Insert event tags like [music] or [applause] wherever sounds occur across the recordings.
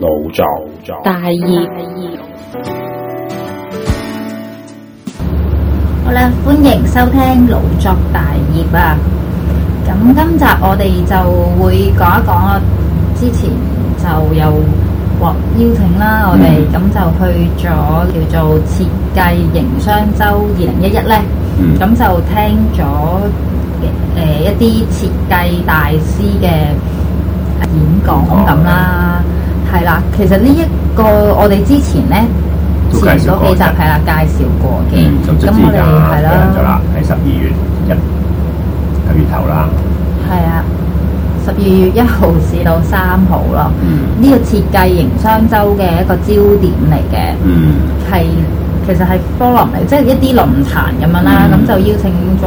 腦作大業，好啦，歡迎收聽腦作大業啊。咁今集我哋就會講一講啊。之前就有獲邀請啦，我哋咁就去咗叫做設計營商周二零一一咧。咁就聽咗誒一啲設計大師嘅演講咁啦。係啦，其實呢一個我哋之前咧，前嗰幾集係啦介紹過嘅，咁、嗯、我哋係啦，喺十二月一、九月頭啦，係啊，十二月一號至到三號咯，呢、嗯、個設計營商周嘅一個焦點嚟嘅，係、嗯、其實係 forum 嚟，即、就、係、是、一啲論壇咁樣啦，咁、嗯、就邀請咗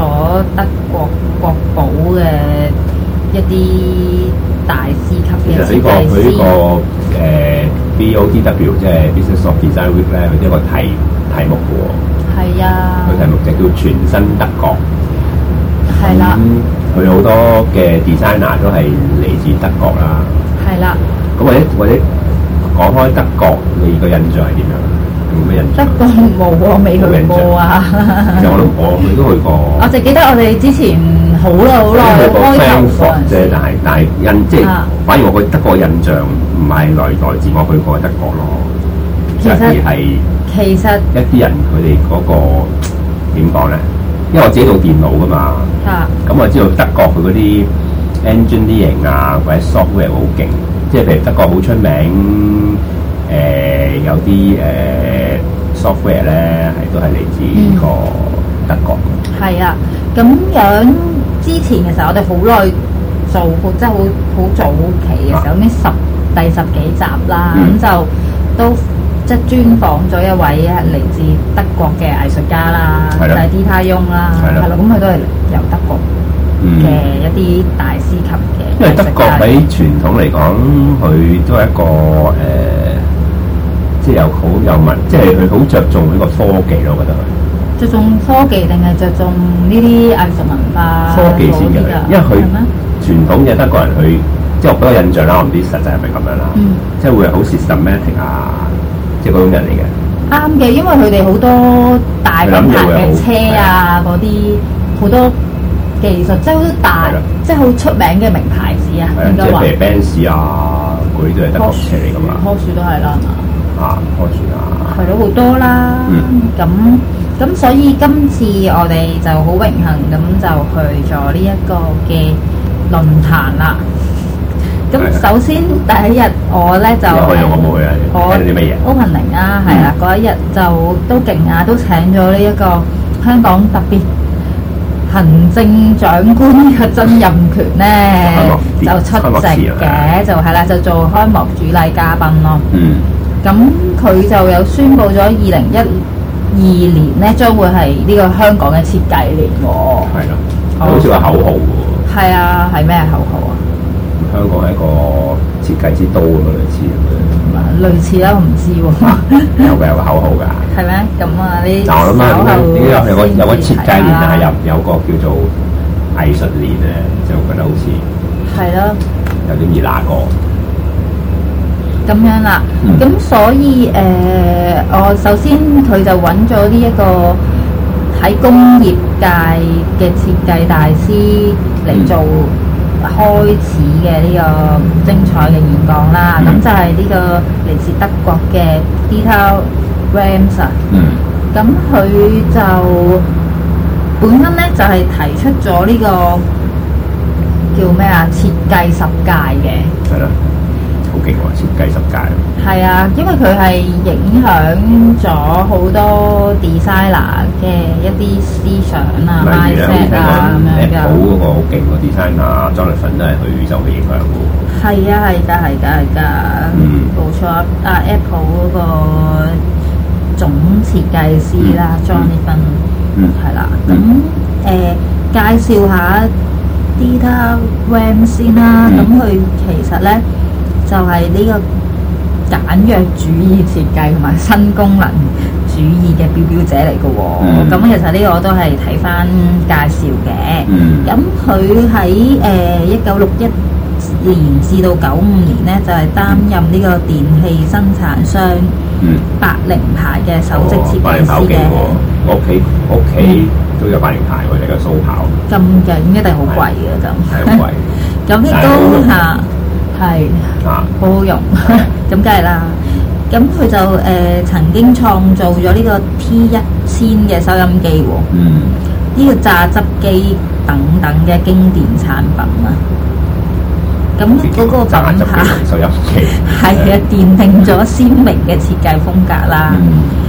德國國寶嘅。一啲大師級嘅，其實呢個佢呢個誒 BODW 即係 Business of Design Week 咧，佢一個題題目嘅喎。係啊，佢題目就叫全新德國。係啦，咁佢好多嘅 designer 都係嚟自德國啦。係啦，咁或者或者講開德國，你個印象係點樣？你有冇咩印象？德國冇啊，未去過冇啊。我諗我都我佢都去過。我就記得我哋之前。好啦好耐，因為 ford, 開放啫，但係但係印即係，啊、反而我個德國印象唔係來來自我去過德國咯。尤其是其實是一啲人佢哋嗰個點講咧，因為我自己做電腦噶嘛，咁、啊嗯嗯、我知道德國佢嗰啲 engineering 啊或者 software 好勁，即係譬如德國好出名，誒、呃、有啲誒、呃、software 咧係都係嚟自呢個德國。係、嗯、啊，咁樣。之前其實我哋好耐做，即係好好早期嘅時候，咁十、啊、第十幾集啦，咁、嗯、就都即係專訪咗一位嚟自德國嘅藝術家啦，的就係 Dita 雍啦，係咯的，咁佢都係由德國嘅、嗯、一啲大師級嘅。因為德國喺傳統嚟講，佢都係一個誒，即係又好有文，即係佢好着重呢個科技咯，我覺得佢。着重科技定係着重呢啲藝術文化科技先嘅？因為佢傳統嘅德國人，佢即係我俾個印象啦。我唔知實際係咪咁樣啦，即係會好似 systematic 啊，即係嗰種人嚟嘅。啱嘅，因為佢哋好多大牌嘅車啊，嗰啲好多技術，即係好多大即係好出名嘅名牌車啊。即係譬如 Benz 啊，佢都係德國車嚟㗎嘛。柯樹都係啦，啊，柯樹啊，係咯，好多啦，咁。咁所以今次我哋就好榮幸咁就去咗呢一個嘅論壇啦。咁首先第一日我咧就開幕會啊，開啲咩嘢，opening 啊，係啦，嗰一日就都勁啊，都請咗呢一個香港特別行政長官嘅曾蔭權咧 [laughs] 就出席嘅，就係啦，就做開幕主禮嘉賓咯。嗯。咁佢就有宣布咗二零一。二年咧，將會係呢個香港嘅設計年喎。哦。係咯，好 [noise] 似個口號喎。係啊，係咩口號啊？香港係一個設計之都咁嘅類似咁樣啊？類似啦，我唔知喎。有冇有個口號噶？係咩？咁啊，呢我諗啊，有有有個設計年啊，又有個叫做藝術年咧，就覺得好似係咯，有啲易哪個？ [noise] 咁樣啦，咁、嗯、所以誒，我、呃哦、首先佢就揾咗呢一個喺工業界嘅設計大師嚟做開始嘅呢個精彩嘅演講啦。咁、嗯、就係呢個嚟自德國嘅 Dieter Rams 嗯，咁佢就本身咧就係、是、提出咗呢、這個叫咩啊？設計十誡嘅，係咯。好勁，還是設計十界咯？係啊，因為佢係影響咗好多 designer 嘅一啲思想啊，market 啊咁樣噶。Apple 嗰個好勁個 designer Jonathan 都係佢宇宙嘅影響嘅。係啊，係㗎，係㗎，係㗎。嗯，冇錯啊！Apple 嗰個總設計師啦，Jonathan，嗯，係啦。咁誒，介紹下 Dita Ram 先啦。咁佢其實咧～就係呢個簡約主義設計同埋新功能主義嘅表表者嚟嘅。哦，咁、嗯、其實呢個我都係睇翻介紹嘅。咁佢喺，誒一九六一年至到九五年咧，就係、是、擔任呢個電器生產商百靈、嗯、牌嘅首席設計師嘅。屋企屋企都有百靈牌喎，呢個手錶咁近一定好貴嘅咁。係貴咁亦都吓。係，好是、啊、好用，咁梗係啦。咁佢就誒、呃，曾經創造咗呢個 T 一千嘅收音機，嗯，呢個榨汁機等等嘅經典產品啊。咁嗰、嗯、個品牌，收音機係啊，奠定咗鮮明嘅設計風格啦。嗯嗯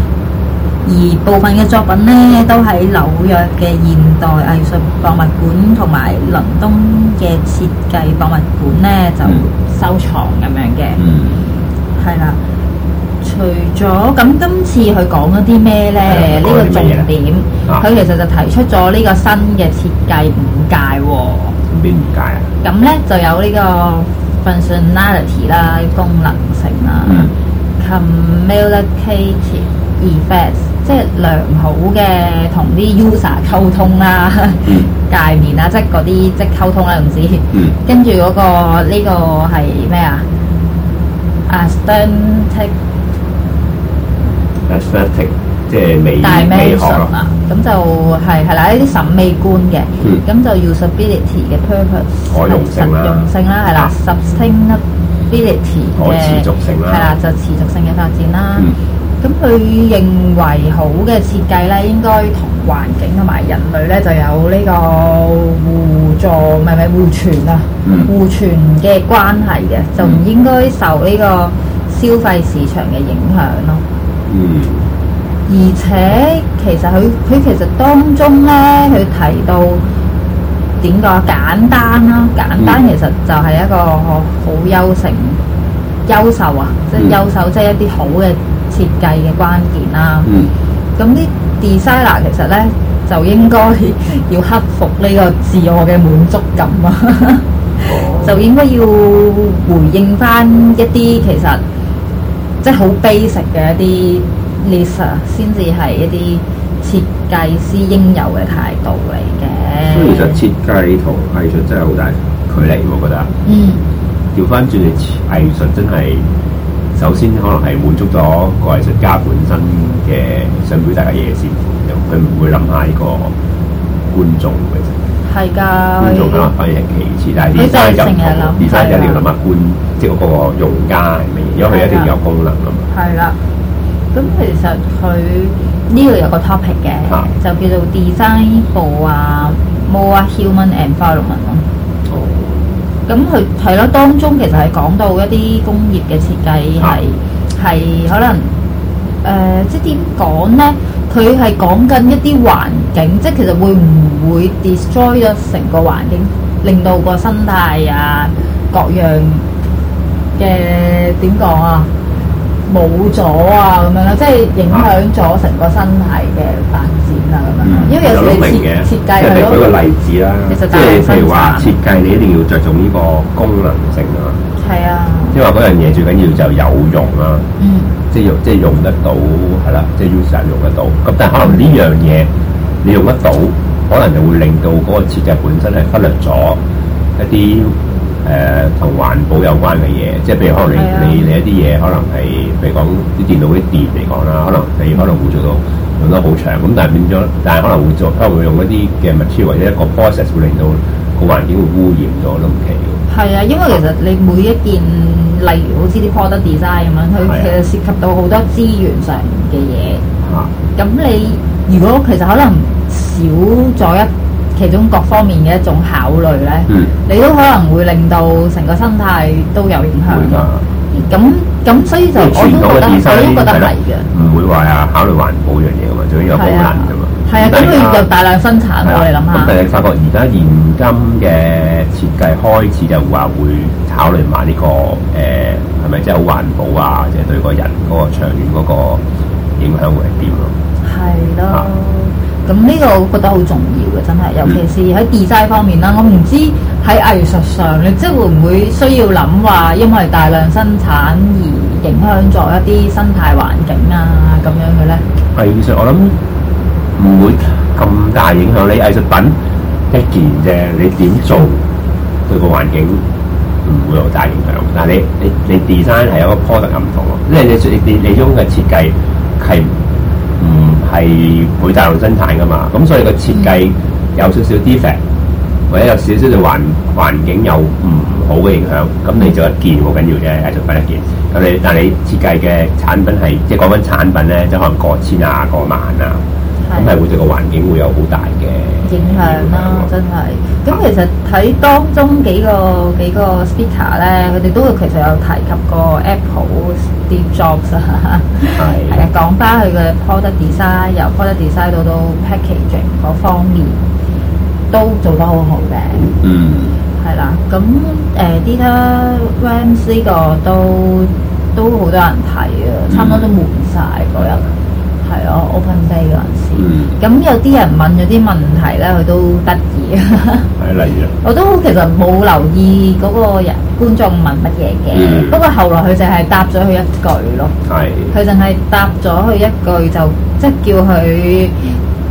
而部分嘅作品咧，都喺紐約嘅現代藝術博物館同埋倫敦嘅設計博物館咧，就收藏咁樣嘅。嗯。係啦。除咗咁，今次佢講咗啲咩咧？呢個重點，佢其實就提出咗呢個新嘅設計五界喎。邊五界啊？咁咧就有呢個 functionality 啦，功能性啦、嗯，communicative effects。即係良好嘅同啲 user 溝通啦，界面啦，即係嗰啲即係溝通啦，咁先。跟住嗰個呢個係咩啊？aesthetic aesthetic 即係美美學啊。咁就係係啦，呢啲審美觀嘅。咁就 usability 嘅 purpose。可用性實用性啦，係啦。sustainability 嘅。可持續性啦。係啦，就持續性嘅發展啦。咁佢認為好嘅設計咧，應該同環境同埋人類咧就有呢個互助，唔係唔係互存啊，互存嘅關係嘅，就唔應該受呢個消費市場嘅影響咯。嗯，而且其實佢佢其實當中咧，佢提到點講簡單啦，簡單其實就係一個好優勝，優秀啊，即係優秀，即係一啲好嘅。設計嘅關鍵啦，咁啲 designer 其實咧就應該要克服呢個自我嘅滿足感啊， [laughs] 就應該要回應翻一啲其實即係好 basic 嘅一啲 list，先至係一啲設計師應有嘅態度嚟嘅。所以其實設計同藝術真係好大距離，我覺得。調翻轉嚟，藝術真係。首先可能係滿足咗個藝術家本身嘅想表達嘅嘢先，佢唔會諗下呢個觀眾嘅啫。係㗎的，觀眾可能反而係其次。但係 design 就唔同，design 一定要諗下觀，的即係嗰個用家係咩？因為佢一定要有功能啊嘛。係啦的，咁的其實佢呢度有個 topic 嘅，的就叫做 designable 啊，more human and powerful。咁佢係咯，當中其實係講到一啲工業嘅設計，係係、啊、可能誒、呃、即係點講咧？佢係講緊一啲環境，即係其實會唔會 destroy 咗成個環境，令到個生態啊各樣嘅點講啊冇咗啊咁樣咧，即係影響咗成個生態嘅、啊、發嗯、因為有時你設計即係你舉個例子啦，即係譬如話設計，設計你一定要着重呢個功能性啦，係啊、嗯，即係話嗰樣嘢最緊要就有用啦。嗯，即係用即係用得到係啦，即係、就是、user 用得到。咁但係可能呢樣嘢你用得到，可能就會令到嗰個設計本身係忽略咗一啲。誒同、呃、環保有關嘅嘢，即係譬如可能你、啊、你你一啲嘢可能係，譬如講啲電腦啲電嚟講啦，可能你可能會做到用得好長，咁但係變咗，但係可能會做可能會用一啲嘅 material 或者一個 process 會令到個環境會污染咗都唔奇嘅。係啊，因為其實你每一件，例如好似啲 product design 咁樣，佢其實涉及到好多資源上嘅嘢。啊，咁你如果其實可能少咗一其中各方面嘅一種考慮咧，你都可能會令到成個生態都有影響嘅。咁咁，所以就我都覺得，我都覺得係嘅，唔會話啊考慮環保樣嘢噶嘛，主要係有功能噶嘛。係啊，咁佢又大量生產喎，你諗下。咁但係發覺而家現今嘅設計開始就話會考慮埋呢個誒係咪真係好環保啊？即係對個人嗰個長遠嗰個影響會係點咯？係咯。咁呢個我覺得好重要嘅，真係，尤其是喺 design 方面啦。我唔知喺藝術上，你即係會唔會需要諗話，因為大量生產而影響咗一啲生態環境啊咁樣嘅咧？藝術我諗唔會咁大影響，你藝術品一件啫，你點做對個環境唔會有大影響。但係你你你 design 係有個 product 咁唔同，即係你你你你用嘅設計係。係會大量生產㗎嘛，咁所以個設計有少少 defect，或者有少少嘅環環境有唔好嘅影響，咁你做一件好緊要啫，繼續做翻一件。咁你但係你設計嘅產品係即係講緊產品咧，即係可能過千啊、過萬啊。咁係會對個環境會有好大嘅影響啦，真係。咁其實睇當中幾個幾個 speaker 咧，佢哋都其實有提及過 Apple Steve Jobs 啊的，係講翻佢嘅 Product Design，由 Product Design 到到 Packaging 嗰方面都做得好好嘅。嗯，係啦。咁誒，呢、呃、Rams 個都都好多人睇啊，差唔多都滿晒嗰日。嗯。係啊，open day 嗰陣時，咁、嗯、有啲人問咗啲問題咧，佢都得意啊。係例如我都其實冇留意嗰個人觀眾問乜嘢嘅，嗯、不過後來佢淨係答咗佢一句咯。係的，佢淨係答咗佢一句，就即係、就是、叫佢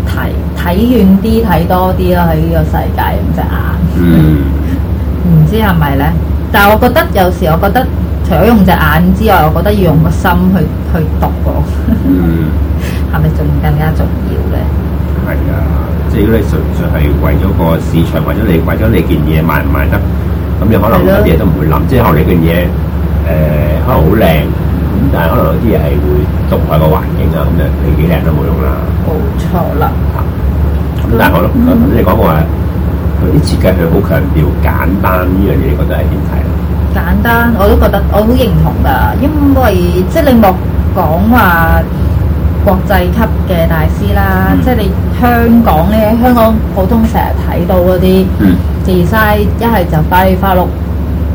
睇睇遠啲，睇多啲咯，喺呢個世界用隻眼。唔、嗯、 [laughs] 知係咪咧？但係我覺得有時，我覺得。除咗用隻眼之外，我覺得要用個心去去讀我 [laughs] 嗯，係咪仲更加重要咧？係啊，即如果你純粹係為咗個市場，為咗你，為咗你件嘢賣唔賣得，咁你，你，你買買可能有啲嘢都唔會諗。了即係後嚟件嘢，誒、呃、可能好靚，但係可能有啲嘢係會毒害個環境啊，咁樣、嗯、你幾靚都冇用啦。冇錯啦。咁但係我，咁你講話嗰啲設計係好強調簡單呢樣嘢，我覺得係點睇？簡單，我都覺得我好認同㗎，因為即係你莫講話國際級嘅大師啦，嗯、即係你香港咧，香港普通成日睇到嗰啲 design，一係就花里花碌，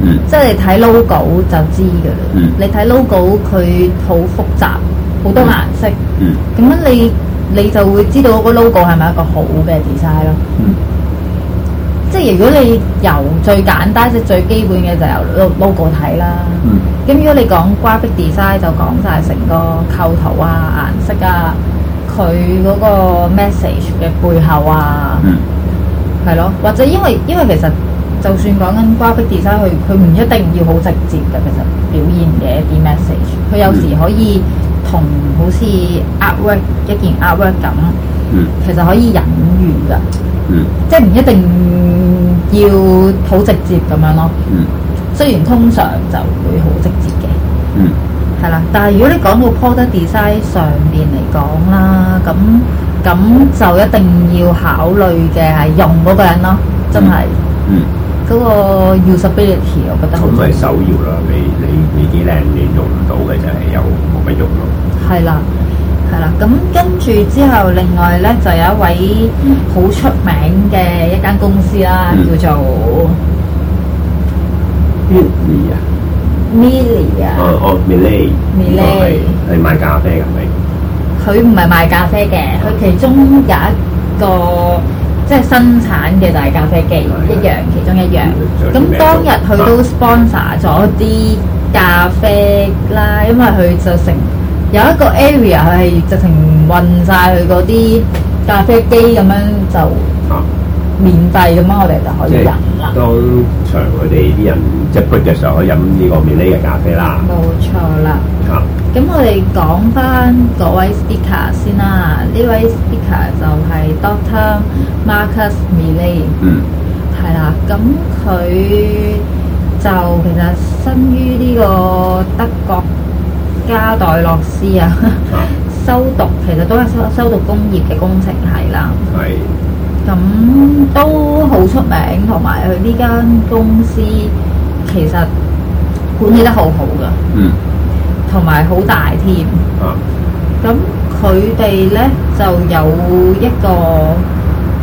嗯、即你睇 logo 就知㗎喇。嗯、你睇 logo，佢好複雜，好多顏色，咁樣、嗯、你你就會知道嗰個 logo 係咪一個好嘅 design 咯。嗯即係如果你由最簡單、即係最基本嘅就由 logo 睇啦，咁、嗯、如果你講 graphic design 就講晒成個構圖啊、顏色啊，佢嗰個 message 嘅背後啊，係、嗯、咯，或者因為因為其實就算講緊 graphic design，佢佢唔一定要好直接嘅其實表現嘅一啲 message，佢有時可以同好似 artwork 一件 artwork 咁，嗯、其實可以隱喻嘅，嗯、即係唔一定。要好直接咁樣咯，嗯、雖然通常就會好直接嘅，係啦、嗯。但係如果你到講到 product design 上邊嚟講啦，咁咁就一定要考慮嘅係用嗰個人咯，真係、嗯嗯。嗯。嗰個 usability 我覺得。咁咪首要啦，你你你幾靚你用唔到嘅就係、是、有冇乜用咯。係啦。係啦，咁跟住之後，另外咧就有一位好出名嘅一間公司啦，叫做 Milly 啊，Milly 啊，哦哦，Milly，Milly 係賣咖啡㗎，咪？佢唔係賣咖啡嘅，佢其中有一個即係生產嘅就係咖啡機一樣，其中一樣。咁當日佢都 sponsor 咗啲咖啡啦，因為佢就成。有一個 area 係直情運曬佢嗰啲咖啡機咁樣就免費咁樣，我哋就可以飲啦。當場佢哋啲人即係 break 嘅時候可以飲呢個 Miele 嘅咖啡啦。冇錯啦。啊，咁我哋講翻嗰位 speaker 先啦。呢位 speaker 就係 Doctor Marcus Miele。嗯。係啦，咁佢就其實生於呢個德國。加代洛斯啊，修讀其實都係修修讀工業嘅工程系啦。係，咁都好出名，同埋佢呢間公司其實管理得好好噶，嗯，同埋好大添。啊，咁佢哋咧就有一個，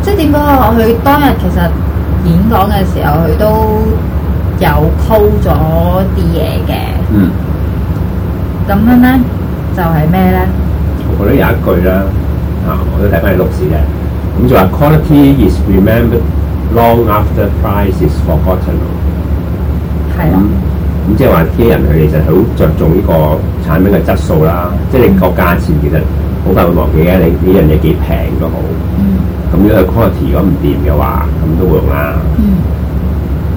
即係點講啊？佢當日其實演講嘅時候，佢都有 call 咗啲嘢嘅。嗯。咁樣咧，就係咩咧？我覺得有一句啦，啊，我都睇翻你錄事嘅。咁就話 quality is remembered long after price is forgotten。係啦的。咁即係話啲人佢其實好着重呢個產品嘅質素啦。嗯、即係你個價錢其實好快會忘記嘅。你呢樣嘢幾平都好。嗯。咁如果 quality 如果唔掂嘅話，咁都冇用啦。嗯。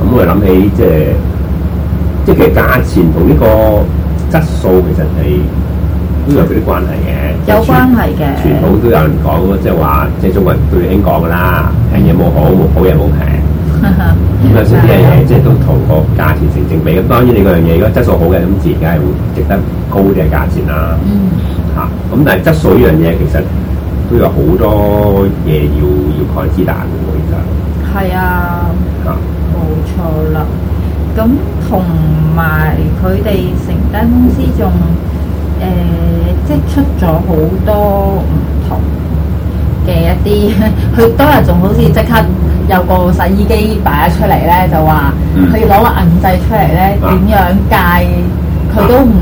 咁我諗起即係即係價錢同呢個。質素其實係都有嗰啲關係嘅，有關係嘅，全部都有人講，即係話，即係中國人對香港嘅啦，平嘢冇好，冇好嘢冇平，咁啊少啲嘢，即係都同個價錢成正比咁。當然你嗰樣嘢如果質素好嘅，咁自然梗係會值得高啲嘅價錢啦。 [laughs] 嗯，嚇、啊，咁但係質素依樣嘢其實都有好多嘢要要蓋之難嘅，其實係啊，冇錯啦。咁同埋佢哋成間公司仲誒、呃，即出咗好多唔同嘅一啲，佢 [laughs] 當日仲好似即刻有個洗衣機擺咗出嚟咧，就話佢攞個銀製出嚟咧，點、嗯、樣介佢都唔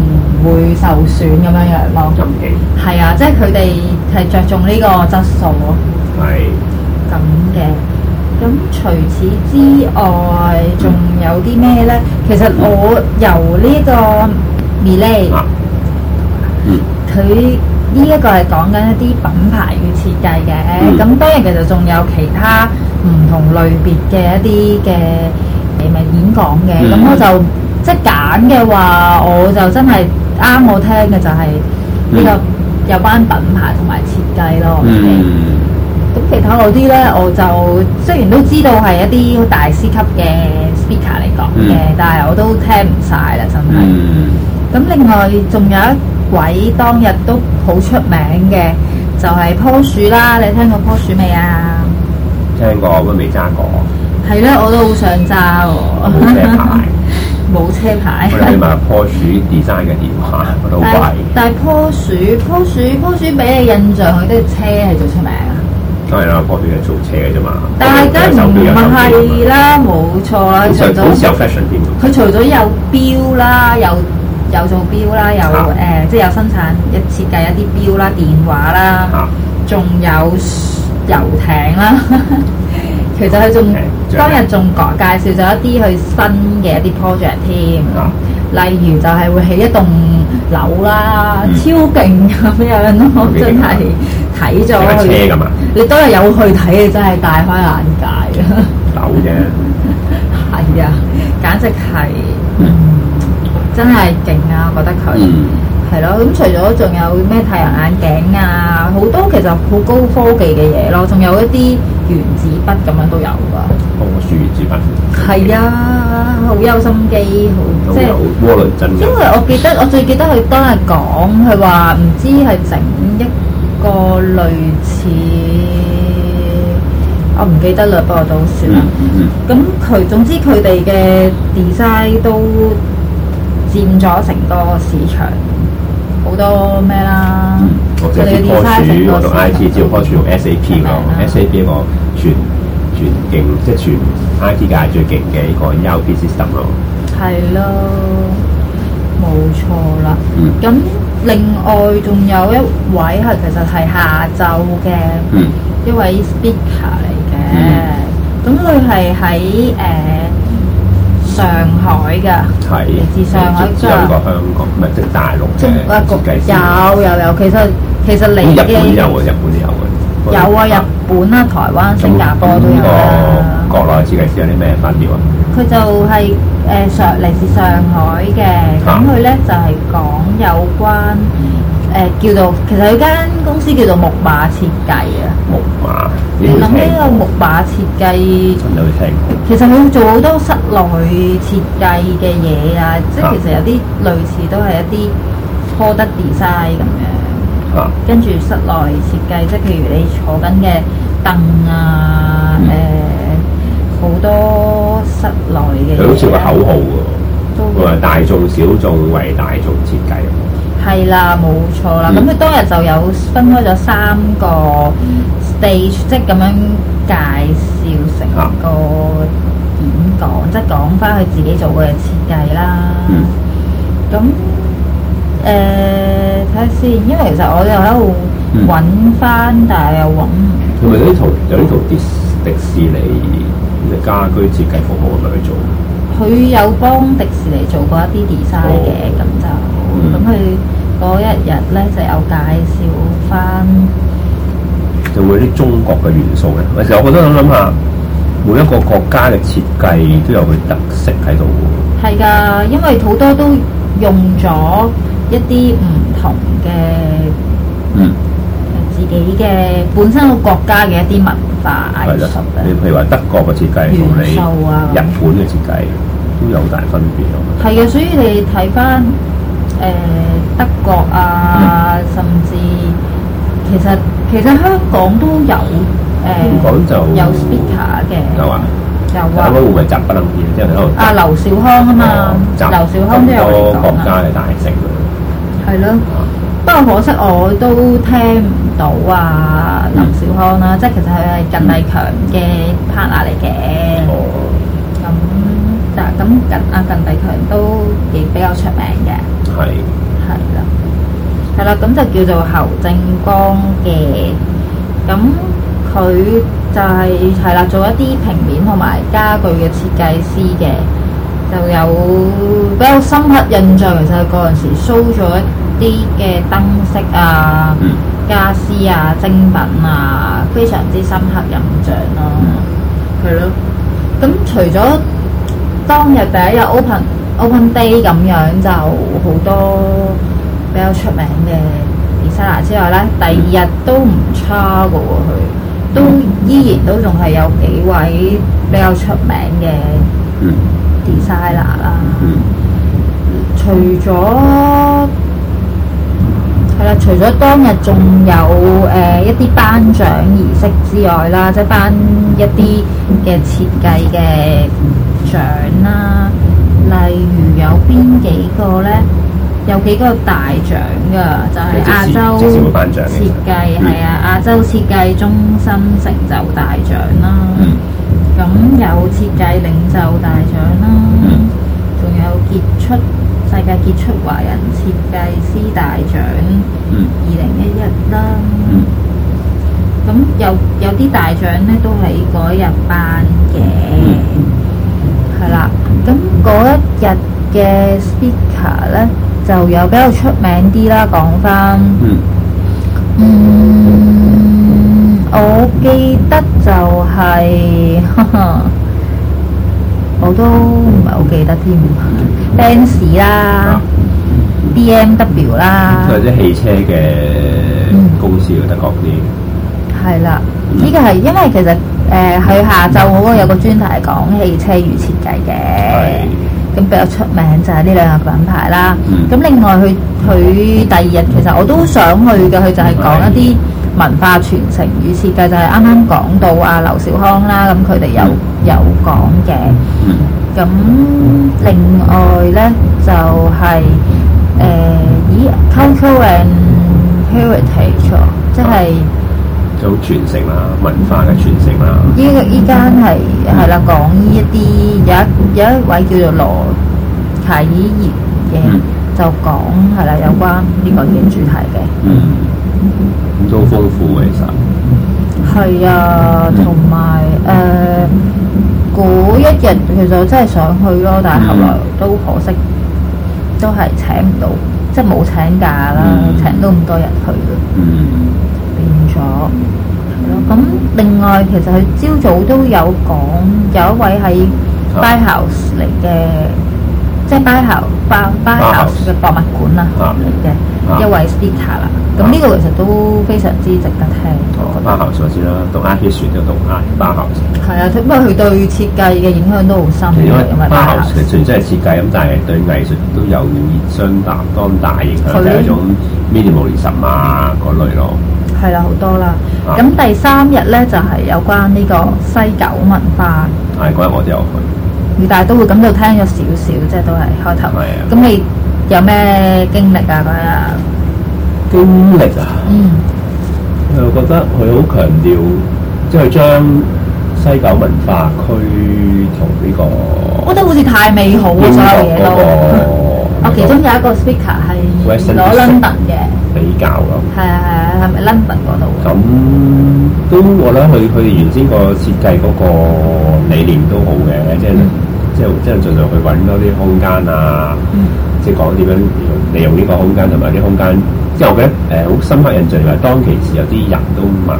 會受損咁樣樣咯。係啊，啊，啊，即係佢哋係着重呢個質素咯。係咁嘅。咁除此之外，仲有啲咩咧？其實我由呢個 Milly，佢呢一個係講緊一啲品牌嘅設計嘅。咁、嗯、當然其實仲有其他唔同類別嘅一啲嘅誒，咪演講嘅。咁我就即係揀嘅話，我就真係啱我聽嘅就係呢個有關品牌同埋設計咯。嗯。Okay。咁其他嗰啲咧，我就雖然都知道係一啲大師級嘅 speaker 嚟講嘅，嗯、但係我都聽唔晒啦，真係。咁、嗯、另外仲有一位當日都好出名嘅，就係棵樹啦。你聽過棵樹未啊？聽過，不過未揸過。係咧，我都好想揸喎、哦。冇、哦、車牌，冇 [laughs] 車牌。佢樹 design 嘅電話好貴。但係棵樹、棵樹、棵樹俾你印象佢啲車係最出名。係啦，嗰邊係造車嘅啫嘛，但係梗唔係啦，冇錯啦，佢上好似有 fashion 添。佢除咗有表啦，有有做表啦，有誒、啊呃、即係有生產、設計一啲表啦、電話啦，仲、啊、有遊艇啦。其實佢仲 Okay. 當日仲介介紹咗一啲佢新嘅一啲 project 添，啊、例如就係會起一棟樓啦，嗯、超勁咁樣咯，真係是。啊睇咗，你都係有去睇你真係大開眼界啊！有嘅，係 [laughs] 啊，簡直係、嗯嗯，真係勁啊！我覺得佢係咯，咁、嗯啊、除咗仲有咩太陽眼鏡啊，好多其實好高科技嘅嘢咯，仲有一啲原子筆咁樣都有噶，哦，書原子筆，係啊，好有心機，好有即係烏來鎮。因為我記得我最記得佢當日講，佢話唔知係整一。個類似我唔記得啦，不過都算啦。咁、嗯、佢、嗯嗯、總之佢哋嘅 design 都佔咗成個市場，好多咩啦。我哋 design 成個，我做 IT 接住開始用 SAP 咯，SAP 一個全全勁，即係全 IT 界最勁嘅一個 ERP system 咯。係咯、嗯，冇、嗯、錯啦。咁、嗯。另外仲有一位係其實係下晝嘅、嗯、一位 speaker 嚟嘅，咁佢係喺誒上海㗎，係嚟自上海。嗯、有個香港，唔係即係大陸嘅。有有有，其實其實嚟嘅。有啊，日本都有，有啊，日本啦，台灣、日本、新加坡都有國內設計師有啲咩分別啊？佢就係誒上嚟自上海嘅，咁佢咧就係講有關誒叫做其實有間公司叫做木馬設計啊。木馬，你諗呢個木馬設計類型？其實佢做好多室內設計嘅嘢啊，即係其實有啲類似都係一啲 Co de Design 咁樣，跟住室內設計，即係譬如你坐緊嘅凳啊，誒。好多室內嘅，佢好似個口號喎，佢話大眾小眾，為大眾設計。係啦，冇錯啦。咁佢、嗯、當日就有分開咗三個 stage，即係咁樣介紹成個演講，即係、啊、講翻佢自己做嘅設計啦。咁誒睇下先，因為其實我、嗯、我又喺度揾翻，但係又揾同埋呢套，有呢套啲。迪士尼嘅家居設計服務去做，佢有幫迪士尼做過一啲 design 嘅咁就，咁佢嗰一日咧就有介紹返，就會啲中國嘅元素嘅。其實我覺得諗諗下，每一個國家嘅設計都有佢特色喺度。係㗎，因為好多都用咗一啲唔同嘅嗯。自己嘅本身個國家嘅一啲文化藝術，你譬如話德國嘅設計同你日本嘅設計都有好大分別咯。係嘅，所以你睇翻誒德國啊，甚至其實其實香港都有誒，香港就有 speaker 嘅，有啊，有啊，打開胡文澤不能見，即係阿阿劉小康啊嘛，劉小康都有。好多國家係大成嘅，係咯。不過可惜我都聽唔到啊！劉小康啦，嗯、即係其實佢係靳埭強嘅 partner 嚟嘅。哦。咁就咁近啊，靳埭強都幾比較出名嘅。係是。係啦。係啦，咁就叫做侯正光嘅。咁佢就係係啦，做一啲平面同埋家具嘅設計師嘅，就有比較深刻印象，其實係嗰時 show 咗一。啲嘅燈飾啊，家私啊，精品啊，非常之深刻印象咯、啊。係咯、嗯，咁除咗當日第一日 open open day 咁樣就好多比較出名嘅 designer 之外咧，第二日都唔差噶、啊。佢都依然都仲係有幾位比較出名嘅 designer 啦、啊。嗯、除咗係啦，除咗當日仲有誒一啲頒獎儀式之外啦，即係頒一啲嘅設計嘅獎啦，例如有邊幾個咧？有幾個大獎㗎，就係、係、亞洲設計係啊， [noise] 亞洲設計中心成就大獎啦，咁 [noise] 有設計領袖大獎啦，仲有傑出。世界傑出華人設計師大獎，二零一一啦。咁了、嗯、有有啲大獎咧，都喺嗰、嗯、一日頒嘅，係啦。咁嗰一日嘅 speaker 咧，就有比較出名啲啦。講返，嗯，我記得就係、係。 [laughs] 我都唔係好記得添、嗯、Benz 啦，B M W 啦，或者汽車嘅公司嘅德國啲，係啦，呢個係因為其實誒佢、呃、下晝好有個專題係講汽車與設計嘅，咁的比較出名就係呢兩個品牌啦。咁、嗯、另外佢佢第二日其實我都想去嘅，佢就係講一啲。文化傳承與設計就係啱啱講到啊，劉小康啦，咁佢哋有有講嘅。咁、嗯、另外咧就係、是、誒以、呃、cultural heritage、哦、即係是就傳承啦，文化嘅傳承啦。依依間係係啦，講呢一啲有一有一位叫做羅啟業嘅，嗯、就講係啦，有關呢個嘢主題嘅。嗯都豐富，其實係啊，同埋誒嗰一日其實我真係想去咯，但係後來都可惜，都係請唔到，即係冇請假啦，嗯、請到咁多人去咯，嗯、變咗係咯。咁、啊、另外其實佢朝早都有講，有一位喺 Bi House 嚟嘅。即係巴豪巴巴豪嘅博物館啊，嚟嘅一位詩人啦，咁呢個其實都非常之值得聽。同巴豪再知啦，讀 I K 船都讀 I 巴豪。係啊，咁啊佢對設計嘅影響都好深。巴豪其實純真係設計咁，但係對藝術都有業相搭當大型嘅係一種 m e d i m a l i s m 啊嗰類咯。係啦，好多啦。咁第三日咧就係有關呢個西九文化。係嗰日我都有去。但係都會感到聽咗少少，即係都係開頭。咁你有咩經歷啊？嗰啲啊？經歷啊？嗯，我覺得佢好強調，即係將西九文化區同呢個，我覺得好似太美好咗嘅嘢咯。我其中有一個 speaker 係攞 London 嘅比較咯，係啊係啊係咪 London 嗰度？咁都我諗佢佢哋原先個設計嗰個理念都好嘅，即係。即係，即係盡量去揾多啲空間啊！嗯、即係講點樣利用呢個空間同埋啲空間。即係我覺得誒好、呃、深刻印象就係當其時有啲人都問，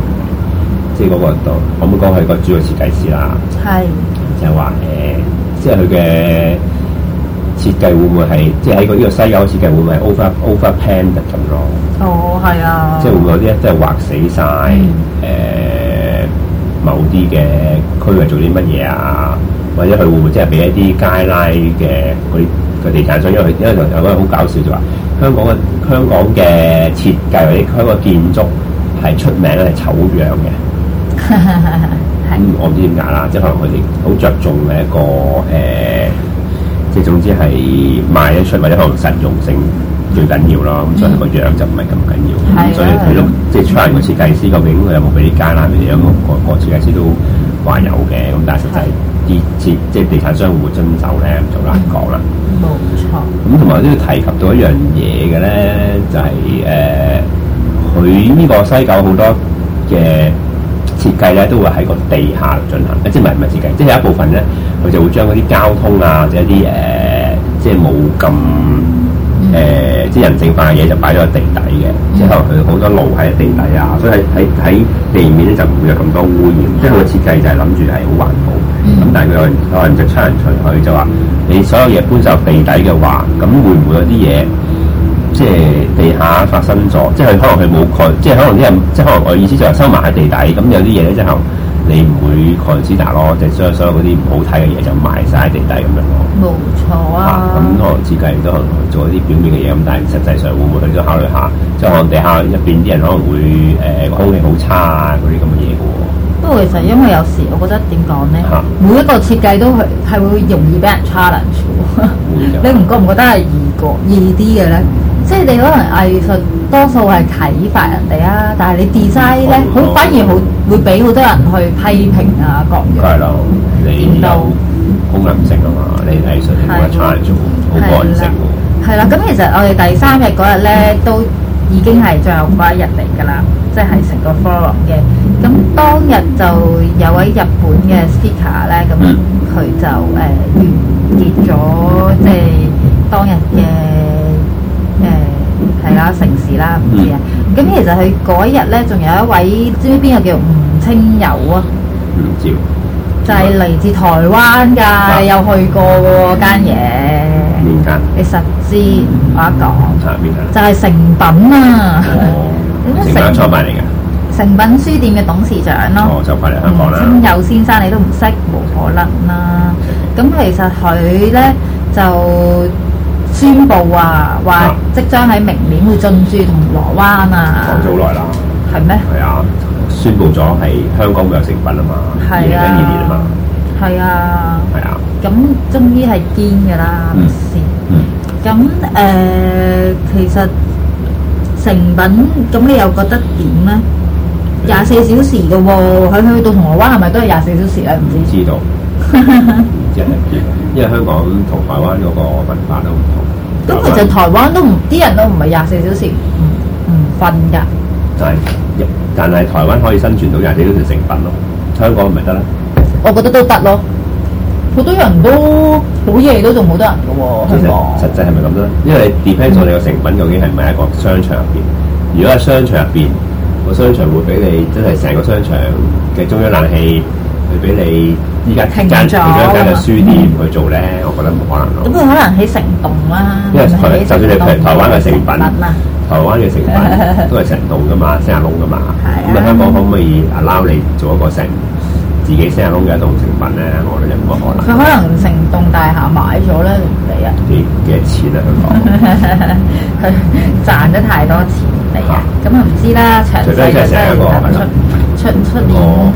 即係、那、嗰個、嗯嗯、我冇講係個主要設計師啦、啊。係是就係話誒，即係佢嘅設計會唔會係即係喺個呢個西九設計會唔會 over over plan 咁咯？哦，係啊。即係會唔會有啲即係畫死晒誒、嗯呃、某啲嘅區域做啲乜嘢啊？或者佢會唔會即係俾一啲街拉嘅嗰啲嘅地產商？因為因為有好搞笑就話、是、香港嘅香港嘅設計或者佢個建築係出名係醜樣嘅。咁、 [laughs] 嗯、我唔知點解啦，即係可能佢哋好着重嘅一個誒、呃，即係總之係賣得出或者可能實用性最緊要咯。咁、嗯嗯、所以個樣就唔係咁緊要。嗯、所以佢都的即係出嚟個設計師究竟佢有冇俾啲街拉佢哋？咁個個設計師都話有嘅。咁但係實際、嗯。接即係地產商會遵守咧，就難講啦。冇錯、嗯，咁同埋都要提及到一樣嘢嘅咧，就係、是、誒，佢、呃、呢個西九好多嘅設計咧，都會喺個地下進行，即係唔係唔係設計，即係有一部分咧，佢就會將嗰啲交通啊，或者一啲誒、呃，即係冇咁誒，呃嗯、即係人性化嘅嘢就擺咗喺地底嘅。之、嗯、後佢好多路喺地底啊，所以喺喺地面咧就唔會有咁多污染。即係個設計就係諗住係好環保。嗯咁、嗯、但係佢可能可能就出人除去，就話，你所有嘢搬走地底嘅話，咁會唔會有啲嘢即係地下發生咗？即係可能佢冇蓋，即係可能啲人即係可能我意思就係收埋喺地底。咁有啲嘢咧之後，你唔會蓋之打咯，即將所有嗰啲唔好睇嘅嘢就埋晒喺地底咁樣咯。冇錯啊。咁、啊、可能設計都可能做一啲表面嘅嘢，咁但係實際上會唔會佢都考慮下，即係可能地下一邊啲人可能會誒、呃、空氣好差啊嗰啲咁嘅嘢嘅喎。不過其實因為有時，我覺得點講咧？每一個設計都係係會容易俾人 challenge。你唔覺唔覺得係易過易啲嘅咧？即係你可能藝術多數係啟發人哋啊，但係你 design 咧，好反而好會俾好多人去批評啊，各唔各。係咯，你都好個人性啊嘛，你藝術冇人 challenge，好個人性。係啦，咁其實我哋第三日嗰日咧，都已經係最後嗰一日嚟㗎啦，即係成個 forum 嘅。咁當日就有位日本嘅 speaker 咧，咁佢就誒、呃、完結咗，即、就、係、是、當日嘅誒係啦城市啦，唔、呃、知啊。咁、嗯、其實佢嗰一日咧，仲有一位知唔知邊個叫吳清友啊？唔知就係嚟自台灣㗎，啊、有去過個間嘢邊間？你實知我講就係邊間？就係誠品啊！ [laughs] 你誠品出品嚟㗎。誠品書店嘅董事長咯，就快嚟香港啦。清友先生你都唔識，冇可能啦。咁其實佢咧就宣布話，話即將喺明年會進駐銅鑼灣啊。講咗好耐啦，係咩？係啊，宣布咗喺香港會有誠品啊嘛，二零二年啊嘛，係啊，係啊。咁終於係堅噶啦，先嗯。咁誒，其實誠品咁，你又覺得點咧？廿四小時嘅喎、啊，佢去到銅鑼灣係咪都係廿四小時啊？唔知知道，唔知啊， [laughs] 因為香港同台灣嗰個文化都唔同。咁其實台灣都唔啲人都唔係廿四小時唔瞓㗎。係，但係台灣可以生存到廿四小時成品咯。香港唔咪得咧？我覺得都得咯，好多人都好夜都仲好多人嘅喎、啊。香港實，嗎實際係咪咁咧？因為你 depend 咗你個成品究竟係咪一個商場入邊？如果喺商場入邊。商個商場會俾你，真係成個商場嘅中央冷氣會俾你依家停其了中一間嘅書店去做咧？嗯、我覺得唔可能咯。咁佢可能喺城棟啦，因為就算你台台灣嘅成品，成啊、台灣嘅成品都係成棟噶嘛，成棟噶嘛。咁你、啊、香港可唔可以撈你做一個成？自己成棟嘅動成品咧，我都認為可能佢可能成棟大廈買咗咧，第一啲幾多錢啊？佢講佢賺咗太多錢嚟嘅，咁啊唔知啦。詳細，最多就成一個出出出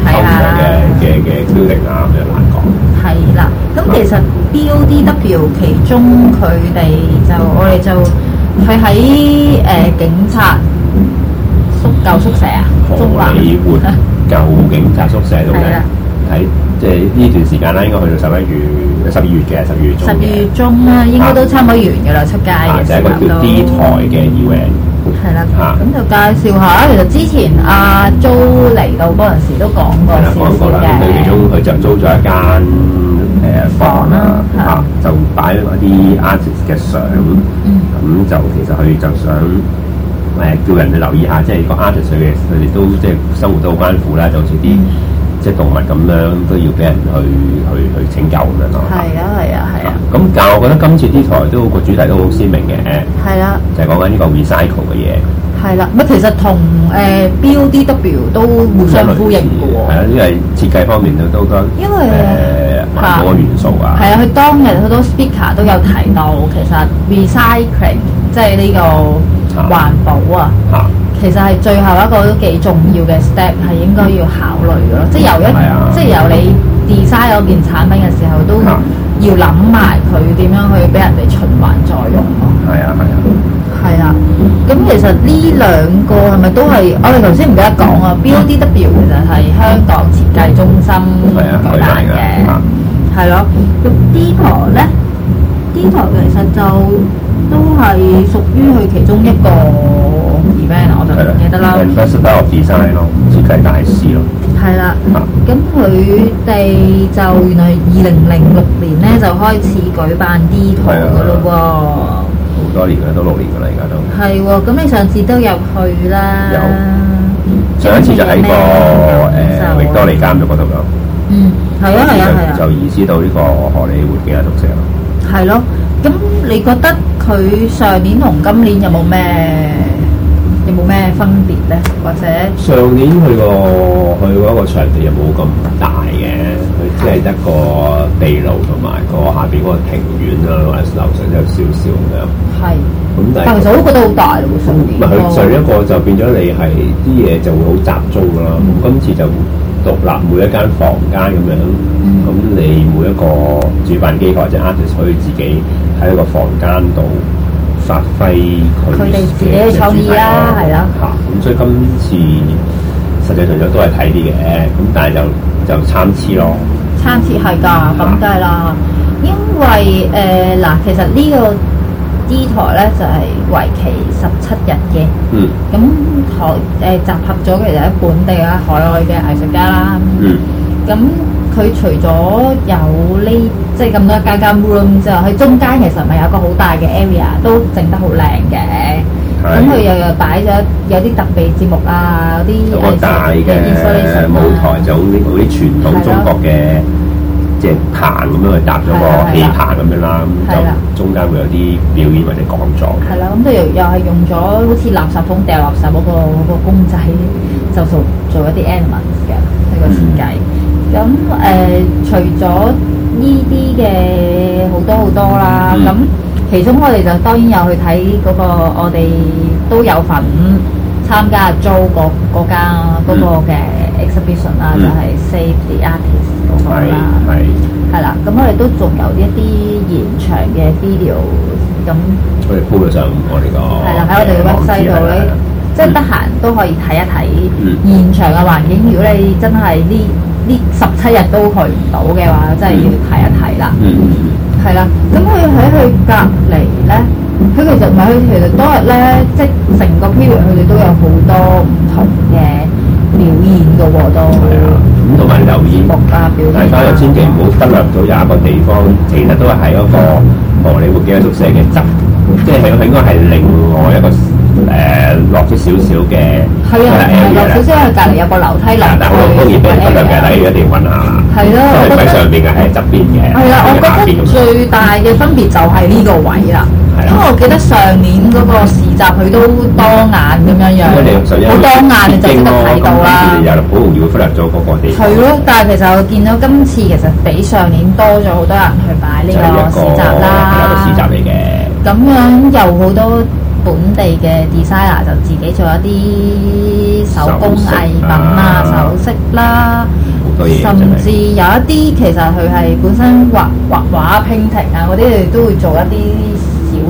睇下啦嘅嘅嘅 building 啊，難講。係啦，咁其實 BODW 其中佢哋就我哋就佢喺誒警察宿舊宿舍啊，中環舊警察宿舍度咧。睇即係呢段時間啦，應該去到十一月、十二月嘅十二月中。十二月中啦，應該都差唔多完嘅啦，出街嘅時間就一個叫 D 台嘅 event。係啦。啊，咁就介紹下啦。其實之前阿租嚟到嗰陣時都講過先嘅。講過啦。咁佢其中佢就租咗一間誒房啦。係就擺一啲 artist 嘅相。咁就其實佢就想誒叫人哋留意下，即係個 artist 嘅佢哋都即係生活都好艱苦啦，就好似啲。即係動物咁樣都要俾人去去去拯救咁樣咯。係啊，係啊，係啊。咁但係我覺得今次啲台都個主題都好鮮明嘅。係啦、啊，就係講緊呢個 recycle 嘅嘢。係啦、啊，咁其實同誒 BODW 都互相呼應嘅喎。係啦、啊，因為設計方面都都都。因為、呃、啊，好多元素啊。係啊，佢當日好多 speaker 都有提到，其實 recycling 即係呢個環保啊。其實係最後一個都幾重要嘅 step，係應該要考慮咯。即係由一即係由你 design 嗰件產品嘅時候，都要諗埋佢點樣去俾人哋循環再用咯。係啊，係啊，係啊。咁其實呢兩個係咪都係？我哋頭先唔記得講啊。BODW 其實係香港設計中心舉辦嘅，係咯。咁 deTour 咧，deTour 其實就都係屬於佢其中一個。event 咯，我就唔記得啦。係啦，斯德哥爾摩設計大師咯。係啦，咁佢哋就原來二零零六年咧就開始舉辦呢台嘅咯喎。好多年啦，都六年啦，而家都係喎。咁你上次都入去啦，上一次就喺個誒域多利監獄嗰度咯。嗯，係啊，係啊。就就移師到呢個荷里活嘅宿舍咯。係咯，咁你覺得佢上年同今年有冇咩？有冇咩分別咧？或者上年去個去嗰個場地又冇咁大嘅，佢只係得個地牢同埋個下邊嗰個庭院啊，或者樓上有少少咁樣。係是。咁但係是其實我都覺得好大咯，上年。唔係佢上一個就變咗你係啲嘢就會好集中啦。咁今、嗯、次就獨立每一間房間咁樣，咁、嗯、你每一個主辦機構或者 artist 可以自己喺一個房間度，發揮佢哋自己嘅創意啦、啊，係咯嚇。咁、啊、所以今次實際上都係睇啲嘅，咁但係就就參差咯。參差係㗎，咁梗係啦，啊、因為誒嗱、呃，其實個呢個 D 台咧就係、是、為期十七日嘅，嗯，咁海誒集合咗其實喺本地啊、海外嘅藝術家啦，嗯，咁。佢除咗有呢即係咁多間間 room 之外，佢中間其實咪有個好大嘅 area，都整得好靚嘅。咁佢又又擺咗有啲特別節目啊，有啲嗰個大嘅舞台就嗰啲嗰啲傳統中國嘅即係棚咁樣去搭咗個戲棚咁樣啦。咁就中間會有啲表演或者講座。係啦，咁佢又又係用咗好似垃圾桶掉垃圾嗰、嗰個嗰個公仔，就做做一啲 animal 嘅呢個設計。嗯。咁誒，除咗呢啲嘅好多好多啦，咁其中我哋就當然有去睇嗰個我哋都有份參加租個嗰間嗰個嘅 exhibition 啦，就係 Save the Artists 嗰個啦，係啦，咁我哋都仲有一啲現場嘅 video，咁我哋鋪咗上我哋個，係啦，喺我哋嘅 website 度咧，即係得閒都可以睇一睇現場嘅環境。如果你真係呢～呢十七日都去唔到嘅話，嗯、真係要睇一睇啦。嗯嗯，係啦，咁佢喺佢隔離咧，佢其實唔係，佢其實當日咧，即係成個 period 佢哋都有好多唔同嘅表演嘅喎都。係啊、嗯，咁同埋留意。啊演，大家又千祈唔好忽略到有一個地方，嗯、其實都係一個荷里活嘅宿舍嘅質，即係佢應該係另外一個。誒落咗少少嘅係啊，係落少少。佢隔離有個樓梯啦，但係好容易被忽略嘅，你一定要揾下。係咯，都係喺上邊嘅，係側邊嘅。係啦，我覺得最大嘅分別就係呢個位啦。係因為我記得上年嗰個市集佢都多眼咁樣樣，好多眼你就識得睇到啦。好容易忽略咗嗰個地。係咯，但係其實我見到今次其實比上年多咗好多人去買呢個市集啦。就一個，依市集嚟嘅。咁樣又好多。本地嘅 designer 就自己做一啲手工藝品啊、首飾啦，甚至有一啲 [noise] 其實佢係本身畫畫畫 painting 啊嗰啲，佢都會做一啲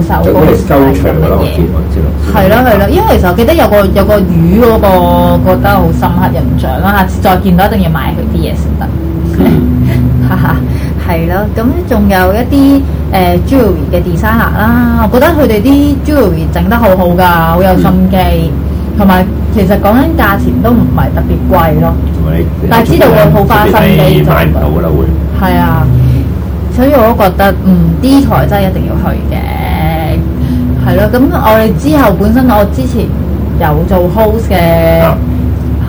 小手工嘅嘢。係咯，係咯，因為其實我記得有個有個魚嗰個覺得好深刻印象啦，下次再見到一定要買佢啲嘢先得。哈哈， [laughs] 係咯，咁仲有一啲。誒 jewelry 嘅 designer 啦，呃、Design ers，我覺得佢哋啲 jewelry 整得好好㗎，好有心機，同埋、嗯、其實講緊價錢都唔係特別貴咯，嗯嗯嗯、但係知道會好花心機就係啊，所以我都覺得嗯 D 台、er、真係一定要去嘅，係咯、啊，咁我哋之後本身我之前有做 host 嘅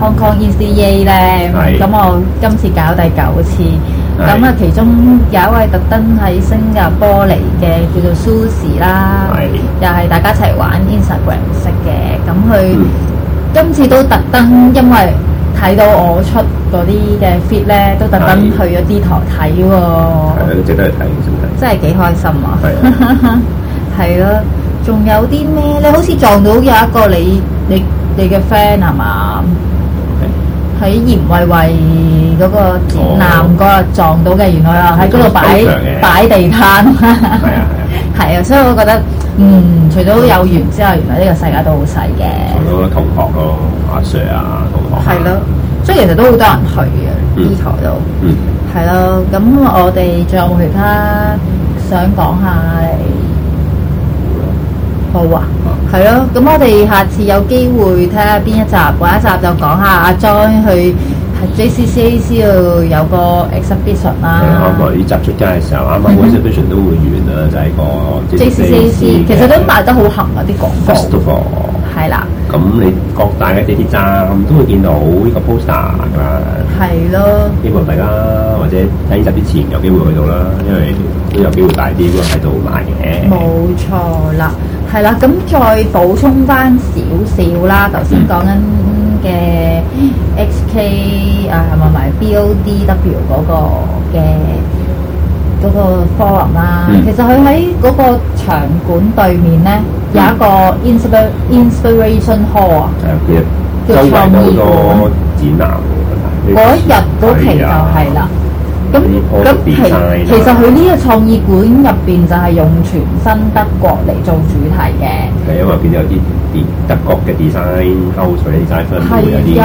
Hong Kong E C A 咧，咁、啊、我今次搞第九次。咁啊，其中有一位特登喺新加坡嚟嘅，叫做 Susie 啦，又係大家一齊玩 Instagram 識嘅。咁佢今次都特登，因為睇到我出嗰啲嘅 fit 咧，都特登去咗 D 台睇喎。值得嚟睇，真係幾開心啊！係 [laughs] 咯，仲有啲咩咧？你好似撞到有一個你你你嘅 friend 係嘛？喺嚴慧慧嗰個南嗰撞到嘅，哦、原來啊喺嗰度擺擺地攤，係啊， [laughs] 係啊，係啊， [laughs] 所以我覺得，嗯，嗯，除咗有緣之外，原來呢個世界都好細嘅，好多同學咯，阿、啊、Sir 啊，同學係、啊、咯，所以其實都好多人去嘅呢、嗯嗯、台度，係咯，咁我哋仲有冇其他想講下？好啊。係咯，咁我哋下次有機會睇下邊一集，嗰一集就講下阿 John 去 JCCAC 度有個 exhibition 啦。我啱集出街嘅時候，啱啱個 exhibition 都會完啦，就係個 JCCAC 其實都賣得好行啊啲廣告。係啦，咁你各大嘅地鐵站都會見到呢個 poster 㗎喇。係咯，機會大啦，或者喺二十日前有機會去到啦，因為都有機會大啲，都喺度買嘅。冇錯啦，係啦，咁再補充翻少少啦，頭先講緊嘅 XK 啊，同埋 BODW 嗰個嘅。嗰個 forum 啦、嗯，其實佢喺嗰個場館對面咧、嗯、有一個 inspiration hall 啊，叫創展館，我入嗰期就係啦。哎咁，其實佢呢個創意館入邊就係用全新德國嚟做主題嘅。係、嗯、因為佢有啲啲德國嘅 design out 嚟曬出嚟，會有啲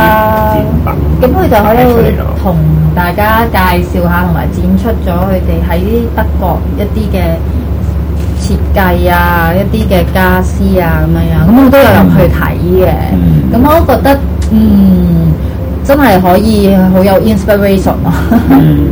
展品的。咁佢就可以同大家介紹下，同埋展出咗佢哋喺德國一啲嘅設計啊，一啲嘅傢俬啊咁樣樣。咁我都有入去睇嘅。咁、嗯、我都覺得，嗯，真係可以好有 inspiration 啊！嗯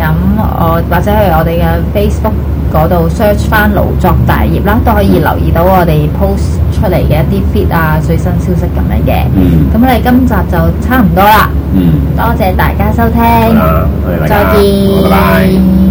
咁我或者去我哋嘅 Facebook 嗰度 search 返腦作大業啦，都可以留意到我哋 post 出嚟嘅一啲 fit 啊，最新消息咁樣嘅。嗯。咁我哋今集就差唔多啦。嗯。多謝大家收聽。謝謝再見。